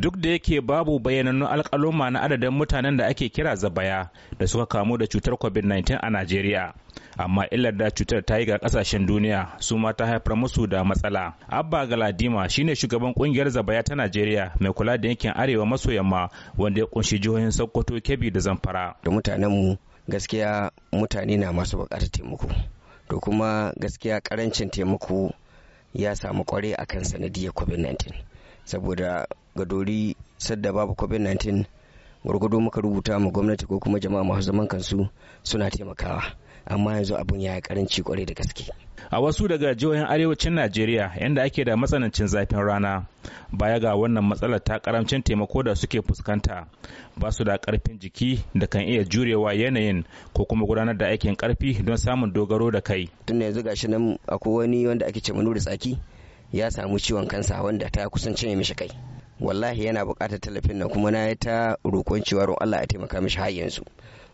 duk da yake babu bayanannun alkaloma na adadin mutanen da ake kira zabaya da suka kamu da cutar covid-19 a najeriya amma illar da cutar ta yi ga kasashen duniya su ma ta haifar musu da matsala abba galadima shine shugaban kungiyar zabaya ta najeriya mai kula da yankin arewa maso yamma wanda ya kunshi jihohin sokoto kebbi da zamfara da mutanenmu gaskiya mutane na masu bukatar taimako to kuma gaskiya karancin taimako ya samu kware akan sanadiyar covid-19 saboda ga dori sadda babu covid-19 gwargwado muka rubuta ma gwamnati ko kuma jama'a masu zaman kansu suna taimakawa amma yanzu abin ya yi karanci kwarai da gaske a wasu daga jihohin arewacin najeriya yadda ake da matsanancin zafin rana baya ga wannan matsalar ta karamcin taimako da suke fuskanta ba su da karfin jiki da kan iya jurewa yanayin ko kuma gudanar da aikin karfi don samun dogaro da kai tun yanzu gashi nan akwai wani wanda ake ce tsaki ya samu ciwon kansa wanda ta kusan cinye mishi kai wallahi yana buƙatar tallafin nan kuma na yi ta roƙon cewa Allah a taimaka mishi har yanzu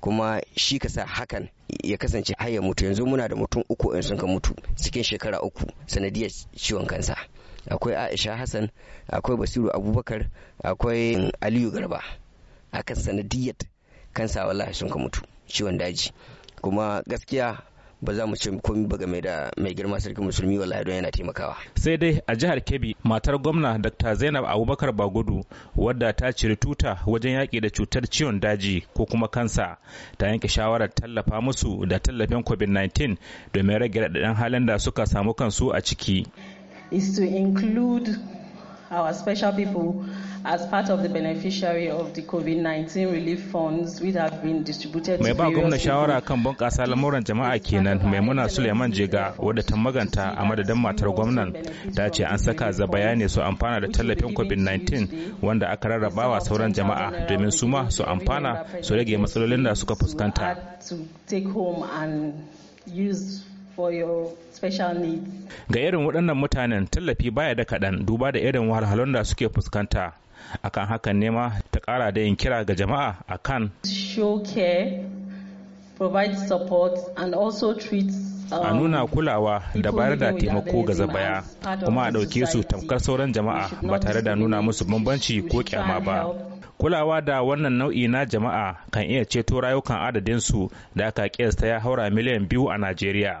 kuma shi ka sa hakan ya kasance har ya mutu yanzu muna da mutum uku in sun ka mutu cikin shekara uku sanadiyar ciwon kansa akwai aisha hassan akwai basiru abubakar akwai aliyu garba akan sanadiyar kansa wallahi sun ka mutu ciwon daji kuma gaskiya ba za mu ce komai ba game da mai girma sarkin musulmi wala don yana taimakawa sai dai a jihar Kebbi matar gwamna Dr. Zainab Abubakar Bagudu wadda ta cire tuta wajen yaƙi da cutar ciwon daji ko kuma kansa ta yanke shawarar tallafa musu da tallafin COVID-19 domin rage raɗaɗin halin da suka samu kansu a ciki is to include our special people as part of the beneficiary of the COVID-19 relief funds which have been distributed Mai ba gwamna shawara kan bunƙasa lamuran jama'a kenan Maimuna Suleiman Jega wadda ta maganta a madadin matar gwamnan ta ce an saka za bayani su amfana da tallafin COVID-19 wanda aka rarraba wa sauran jama'a domin su ma su amfana su rage matsalolin da suka fuskanta. for your special needs. Ga irin waɗannan mutanen tallafi baya da kaɗan duba da irin wahalhalun da suke fuskanta. Akan hakan nema ta ƙara da yin kira ga jama'a akan. Show care, provide support and also treat a um, nuna kulawa da bayar da taimako ga zabaya kuma a ɗauke su tamkar sauran jama'a ba tare da nuna musu bambanci ko kyama ba kulawa da wannan nau'i na jama'a kan iya ceto rayukan adadinsu da aka kiyasta ya haura miliyan biyu a najeriya